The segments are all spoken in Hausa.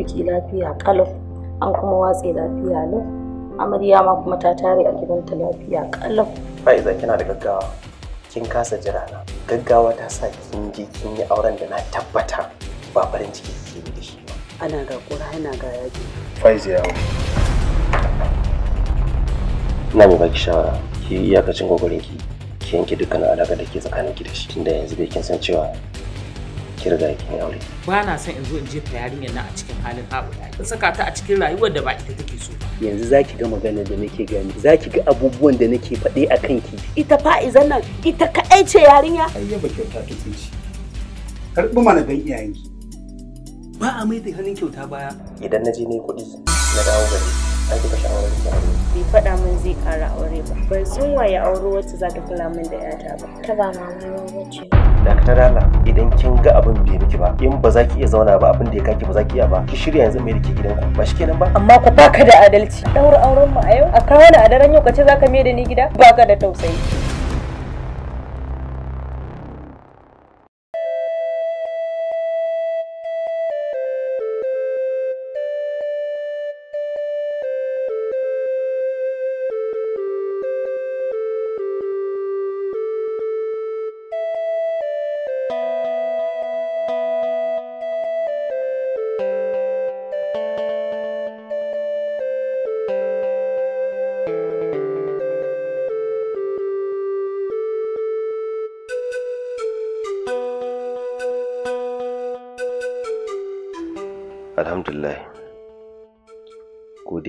biki lafiya kalau an kuma watse lafiya lau amarya ma kuma ta tare a gidanta lafiya kalau fa'iza kina da gaggawa kin kasa jira na gaggawa ta sa kin je kin yi auren da na tabbata ba farin ciki ke yi da shi ba ana ga kura ana ga yaji faiza yawo ina mai baki shawara ki iyakacin gwagwarin ki ki yanke dukkan alaƙa da ke tsakanin ki da shi tunda yanzu bai kin san cewa Kirga riga aure ba na son in zo in jefa yarinyar nan a cikin halin haɓuya in saka ta a cikin rayuwar da ba ita take so yanzu za ki ga maganar da nake gani ki ga abubuwan da nake faɗe a kanki ita izan nan ita kaɗai ce yarinya yaba kyauta ta ce karɓi mana dan iyayenki ba a mai da hannun kyauta baya idan na je ne kuɗi na dawo gari an kika shawarar ki aure bai faɗa min zai ƙara aure ba ban san waye auri wacce za ta kula min da yata ba ta ba mama wacce Dakta Dala idan kin ga abin bai miki ba in ba za ki iya zauna ba abin da ya kaki ba za ki iya ba ki shirya yanzu mai da ke gidanku ba shi kenan ba amma ku baka da adalci ɗaura auren mu a yau a kawo a daren yau za zaka mai da ni gida baka da tausayi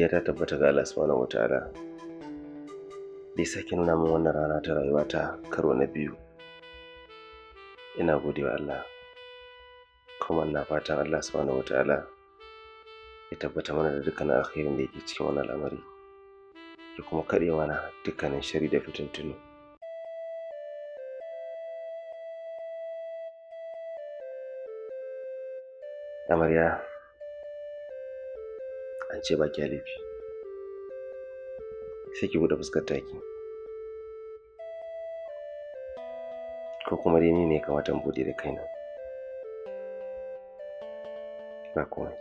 godiya ta tabbata ga Allah subhanahu wataala da sake nuna min wannan rana ta rayuwa ta karo na biyu ina gode wa Allah kuma ina fatan Allah subhanahu wataala ya tabbata mana da dukkanin alkhairin da yake cikin wannan al'amari da kuma kaɗe mana dukkanin shari da fitintunu amarya an ce ba kya laifi sai ki bude fuskar taki ko kuma dai ni ne kamata in da kaina na komai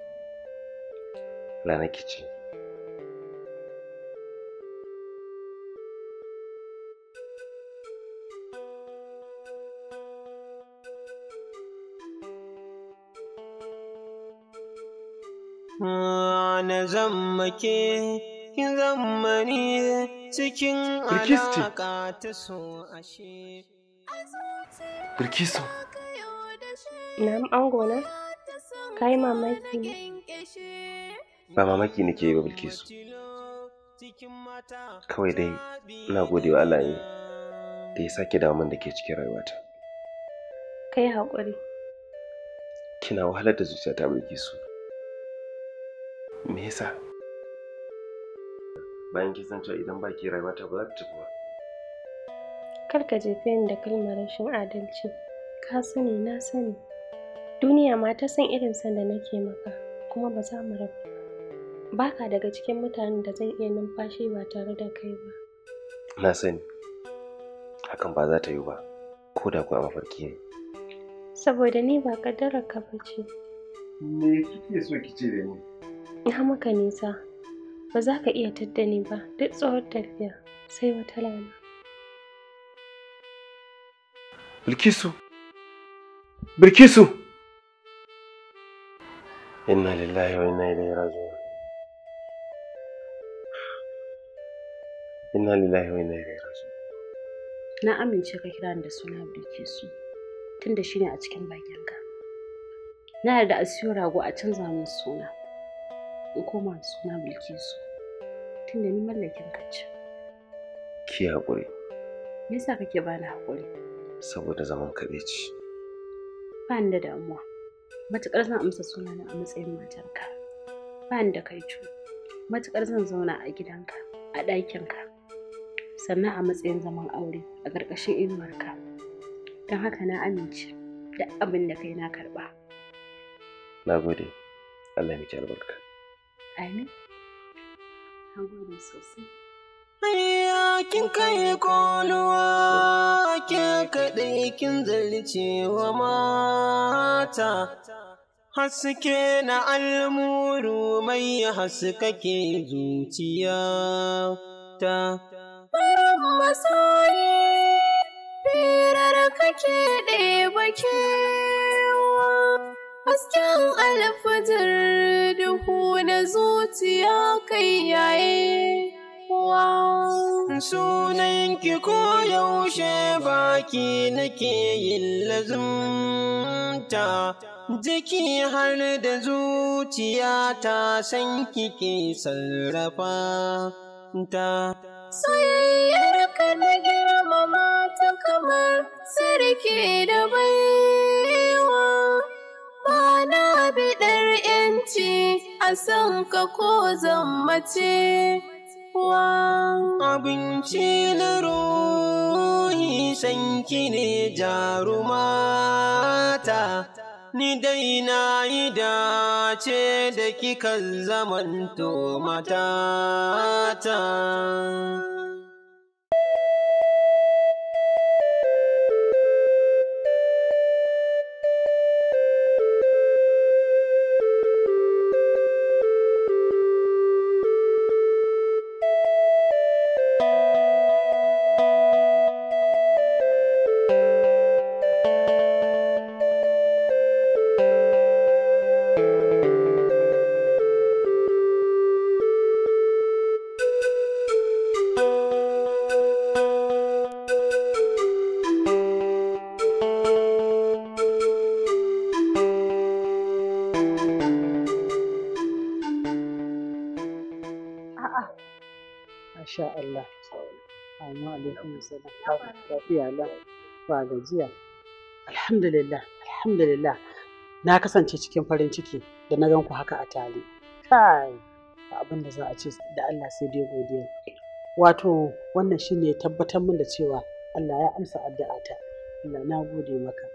Uh... na zammake ki zammani cikin alaka ta so ashe Bilkisu Na'am Ka yi mamaki ne Ba mamaki nake yi ba Bilkisu Kawai dai ina gode Allah ne da ya sake dawo min da ke cikin rayuwata Kai haƙuri Kina wahalar da zuciyata Bilkisu me yasa bayan kin san cewa idan ba ki rayuwa ta ba za ta tafi ba kar ka jefe ni da kalmar rashin adalci ka sani na sani duniya ma ta san irin san da nake maka kuma ba za mu rabu baka daga cikin mutanen da zan iya numfashi ba tare da kai ba na sani hakan ba za ta yiwu ba ko da kuwa mafarki ne saboda ni ba kaddarar ka ce. me kike so ki ce da ni ya maka nisa ba za ka iya taddani ba duk tsawon tafiya sai wata rana. Bilkisu! Bilkisu! Inna lillahi wa inna ilaihi raji'un. Inna lillahi wa inna ilaihi raji'un. Na amince ka kira ni da suna Bilkisu tunda shine a cikin bakinka. Na yarda a siyo rago a canza min suna. in koma da suna bilkisu da ni mallakin ka ce ki haƙuri me yasa kake bani haƙuri saboda zaman kaɗai ce ba ni da damuwa matukar zan amsa sunana a matsayin matarka ba ni da kaicu matukar zan zauna a gidanka a ɗakinka sannan a matsayin zaman aure a ƙarƙashin inuwarka don haka na amince da abin da kai na karɓa na gode Allah ya miki albarka Amin. An gode sosai. kin kai konuwa ke kaɗai kin wa mata. Haske na almuru mai haskake zuciya ta. Masoyi, firar kake ɗaya bakin. hasken alfajar duhu na zuciya kai yaye kowa. ki ko yaushe baki nake yin lazumta, jiki har da zuciya ta san kike sarrafa ta. Soyayyar ka na girmama ta kamar sarki da baiwa. bi ɗan yanci a san ka ko zammace abinci na ruhi sanki ne jarumata ni dai na yi dace da kikan zamanto matata Masha Allah. Amma alaikum salam. Lafiya Ba gajiya. Alhamdulillah. Alhamdulillah. Na kasance cikin farin ciki da na gan ku haka a tare. Kai. Abin da za a ce da Allah sai dai godiya. Wato wannan tabbatar min da cewa Allah ya amsa addu'ata. Allah na gode maka.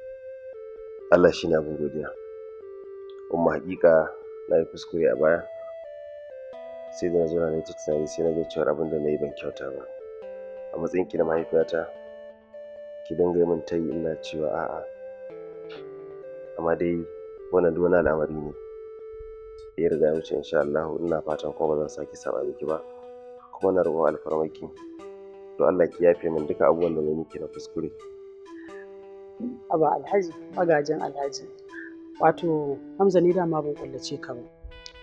Allah shi na abin Umma hakika na yi kuskure a baya. sai da na zo na ta tunani sai na ga cewa abin da na yi ban kyauta ba a matsayin ki na mahaifiyata ki dinga min ta yi ina cewa a'a amma dai wannan duk wani al'amari ne da ya riga wuce insha Allah ina fatan kuma ba zan sake saba miki ba kuma na roƙon alfarmaki to Allah ki yafe min duka abubuwan da zan miki na kuskure aba alhaji magajin alhaji wato hamza ni dama ban kullace ka ba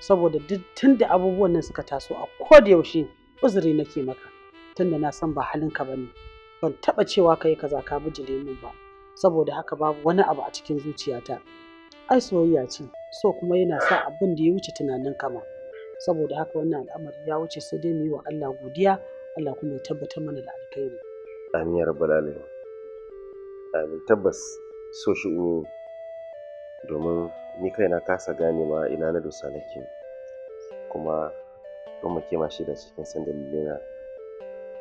saboda duk tun abubuwan nan suka taso a ko da yaushe uzuri nake maka tunda na san ba halin halinka ne, ban taɓa cewa kai kaza ka bijile min ba saboda haka babu wani abu a cikin zuciyata ai soyayya ce so kuma yana sa abin da ya wuce tunanin kama saboda haka wannan al'amari ya wuce sai dai mu yi wa Allah godiya Allah kuma ya tabbatar mana da alkhairi amin ya rabbal alamin amin tabbas so shi domin ni kai na kasa gane ma ina na dosa nake kuma don muke ma shi da cikin san dalilina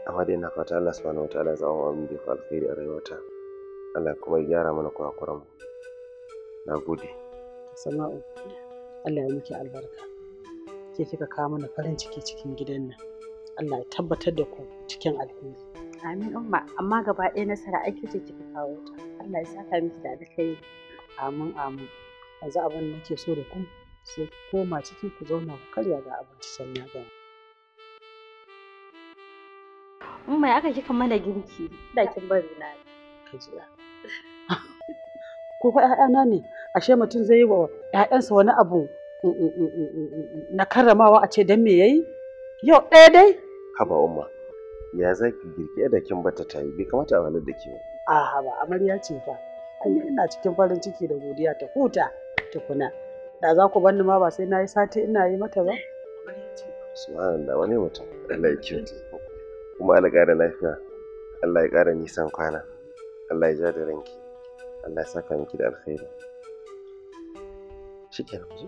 amma dai ina fata Allah subhanahu wataala za mu da alkhairi a rayuwata Allah kuma ya gyara mana kurakuran mu na gode sama'u Allah ya miki albarka ke kika kawo mana farin ciki cikin gidan nan Allah ya tabbatar da ku cikin alkhairi amin umma amma gaba ɗaya nasara ake ce kika kawo ta Allah ya saka miki da alkhairi amin amin yanzu abin da nake so da ku sai ku koma ciki ku zauna ku karya ga abinci can na gaba. In ya aka kika mana girki da kin bari na ka jira. Ko fa ƴaƴana ne ashe mutum zai yi wa ƴaƴansa wani abu mm, mm, mm, na karramawa a ce dan me yayi? Yau ɗaya dai? Haba umma ya zaki girki da kin bata yi, bai kamata a wani da ke ba. A haba amarya ce fa. kullum ina cikin farin ciki da godiya ta huta tukuna da za ku bani ma ba sai na yi sati ina yi mata ba subhanallah wani mutum Allah ya kyauta kuma Allah ƙara lafiya Allah ya ƙara nisan kwana Allah ya ja da ranki Allah ya saka miki da alkhairi shikenan ku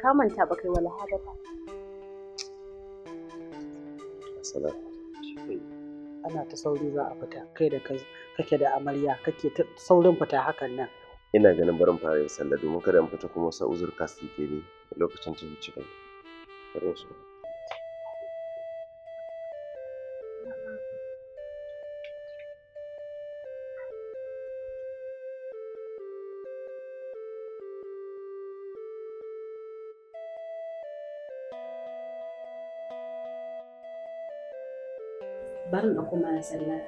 ka manta ba kai wala haba ba assalamu alaikum ana ta sauri za a fita kai da kake da amarya kake ta saurin fita hakan nan ina ganin barin fara yin sallah domin kada in fita kuma sa uzurka kasu ke ne lokacin ta wuce kai barin da kuma sallah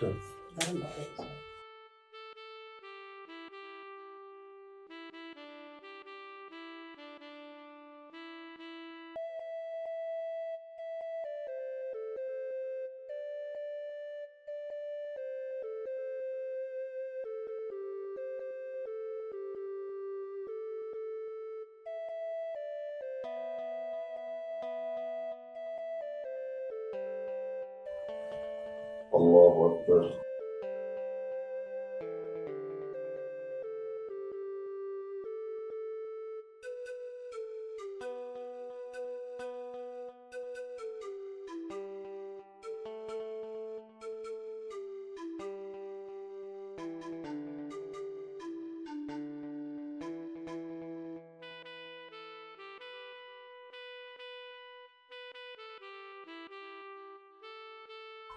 to bakalım bakalım. الله أكبر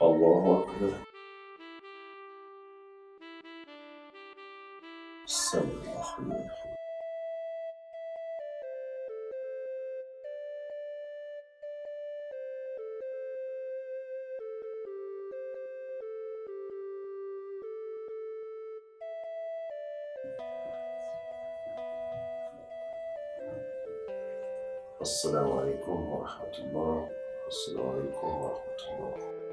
الله أكبر السلام عليكم ورحمة الله السلام عليكم ورحمة الله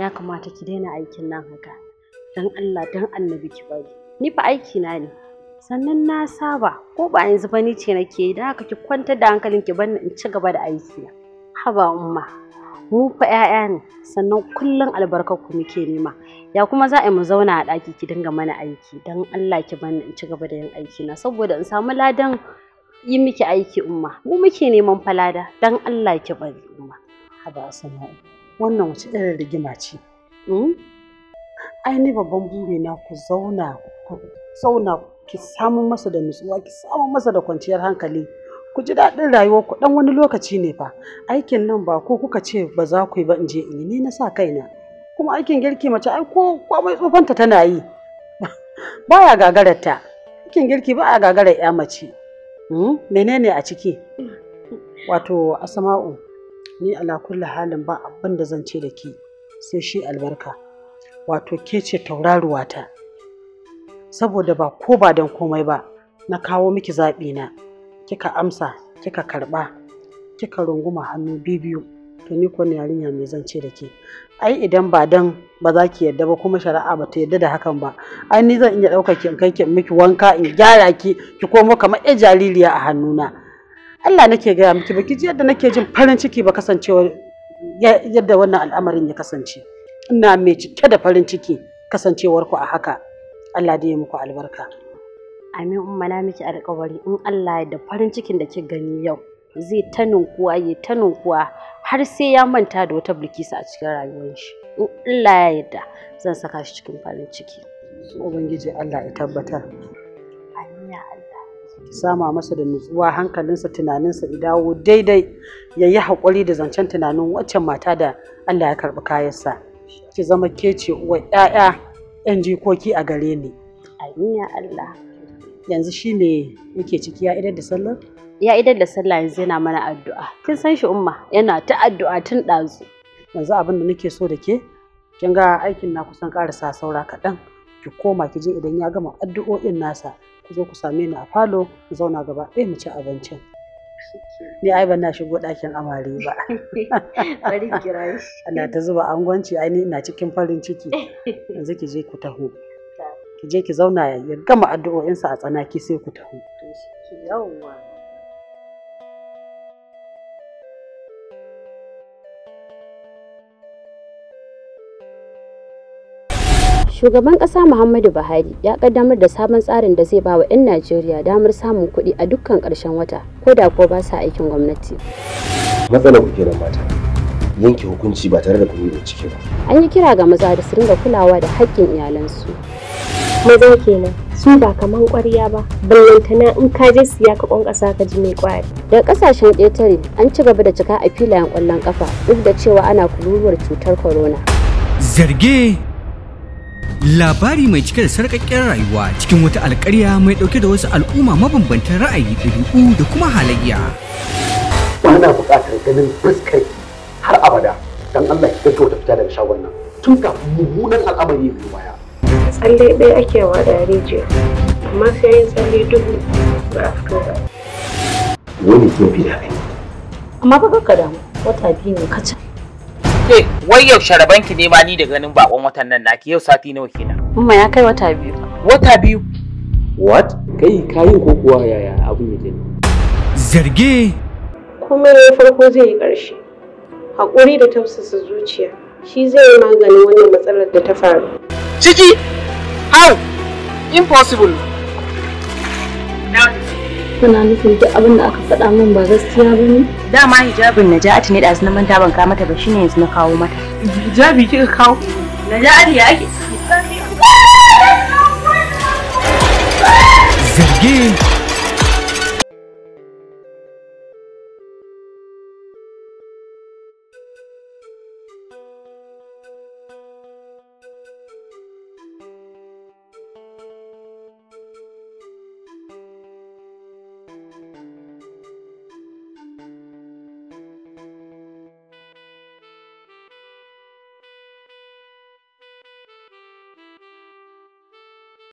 ya kamata ki daina aikin nan haka don Allah don annabi ki bari ni fa aiki na ne sannan na saba ko ba yanzu ba ni ce nake da haka ki kwantar da hankalin ki bani in ci gaba da aiki na haba umma mu fa 'ya'ya ne sannan kullum ku muke nema ya kuma za a mu zauna a ɗaki ki dinga mana aiki don Allah ki bani in ci gaba da yin aiki na saboda in samu ladan yi miki aiki umma mu muke neman falada Dan Allah ki bari umma haba wannan wace irin rigima ce hmm? ni babban buri na ku zauna ku zauna ki samu masa da nutsuwa ki samu masa da kwanciyar hankali ku ji daɗin rayuwar ku ɗan wani lokaci ne fa aikin nan ba ko kuka ce ba za ku yi ba in je in yi ni na sa kaina kuma aikin girki mace ai ko komai tsofanta tana yi baya gagarar ta aikin girki ba a gagarar ya mace hmm? menene a ciki wato asama'u ni ala kulli halin ba abin da zan ce da ke sai shi albarka wato ke ce tauraruwata saboda ba ko ba don komai ba na kawo miki zaɓi na kika amsa kika karɓa kika runguma hannu biyu to ni ko yarinya mai zan ce da ke ai idan ba dan ba za ki yadda ba kuma shari'a ba ta yadda da hakan ba ai ni zan iya ɗaukar ki in kai miki wanka in gyara ki ki komo kamar 'yar jaririya a hannuna Allah nake gaya miki baki ji yadda nake jin farin ciki ba kasancewa yadda wannan al'amarin ya kasance ina mai cike da farin ciki kasancewarku a haka Allah da ya muku albarka amin umma na miki alƙawari in Allah ya da farin cikin da ki gani yau zai ta ninkuwa ya ta ninkuwa har sai ya manta da wata bulkisa a cikin rayuwar shi in Allah ya yarda zan saka shi cikin farin ciki ubangiji Allah ya tabbatar sama masa da nutsuwa hankalinsa tunaninsa ya dawo daidai ya yi haƙuri da zancen tunanin waccan mata da Allah ya karɓi kayansa ki zama ke ce uwa 'ya'ya 'yan jikoki a gare ni Amina Allah yanzu shi ne yake ciki ya idar da sallar ya idar da sallah yanzu yana mana addu'a kin san shi umma yana ta addu'a tun ɗazu yanzu abin da nake so da ke kin ga aikin na kusan ƙarasa saura kaɗan ki koma ki je idan ya gama addu'o'in nasa ku zo ku same ni a falo mu zauna gaba ɗaya mu ci abincin ni ai ban na shigo ɗakin amare ba bari kira shi ana ta zuba angwanci ai ni ina cikin farin ciki yanzu ki je ku taho ki je ki zauna ya gama addu'o'insa a tsanaki sai ku taho yawwa Shugaban ƙasa Muhammadu Buhari ya kaddamar da sabon tsarin da zai bawa 'yan Najeriya damar samun kuɗi a dukkan ƙarshen wata, ko da ko ba sa aikin gwamnati. Matsalar ku kenan mata. Yanke hukunci ba tare da kuɗi da ciki ba. An yi kira ga maza da su ringa kulawa da haƙƙin iyalansu. Maza kenan. su ba kaman ƙwarya ba ballantana in ka je siya ka ƙasa ka ji mai ƙwari. daga ƙasashen ƙetare an ci gaba da cika a filayen ƙwallon ƙafa, duk da cewa ana kururuwar cutar corona zarge labari mai cike da sarƙaƙƙen rayuwa cikin wata alƙarya mai ɗauke da wasu al'umma mabambantan ra'ayi ɗabi'u da kuma halayya. Ba na buƙatar ganin fuskar har abada don Allah ki gaggauta fita daga shagon nan tun ka mummunan al'amari ya Tsalle ɗaya ake wa da amma sai yin tsalle dubu ba a fito ba. Wani ke fi daɗi. Amma ba ka damu wata biyu ne kacan ke wai yau raban ki ne ma ni da ganin bakon watan nan naki yau sati nawa kenan umma ya kai wata biyu wata biyu what kai kayin ko kuwa yaya abin yake zarge kuma ne farko zai yi ƙarshe haƙuri da tausasa zuciya shi zai yi maganin wannan matsalar da ta faru ciki how impossible Now kuna nufin duk abin da aka faɗa min ba gaskiya ba ne? Dama hijabin Naja'atu ne da na manta ban kawo mata ba shine yanzu na kawo mata. Hijabi kika kawo? Naja'atu ya ake. Zargi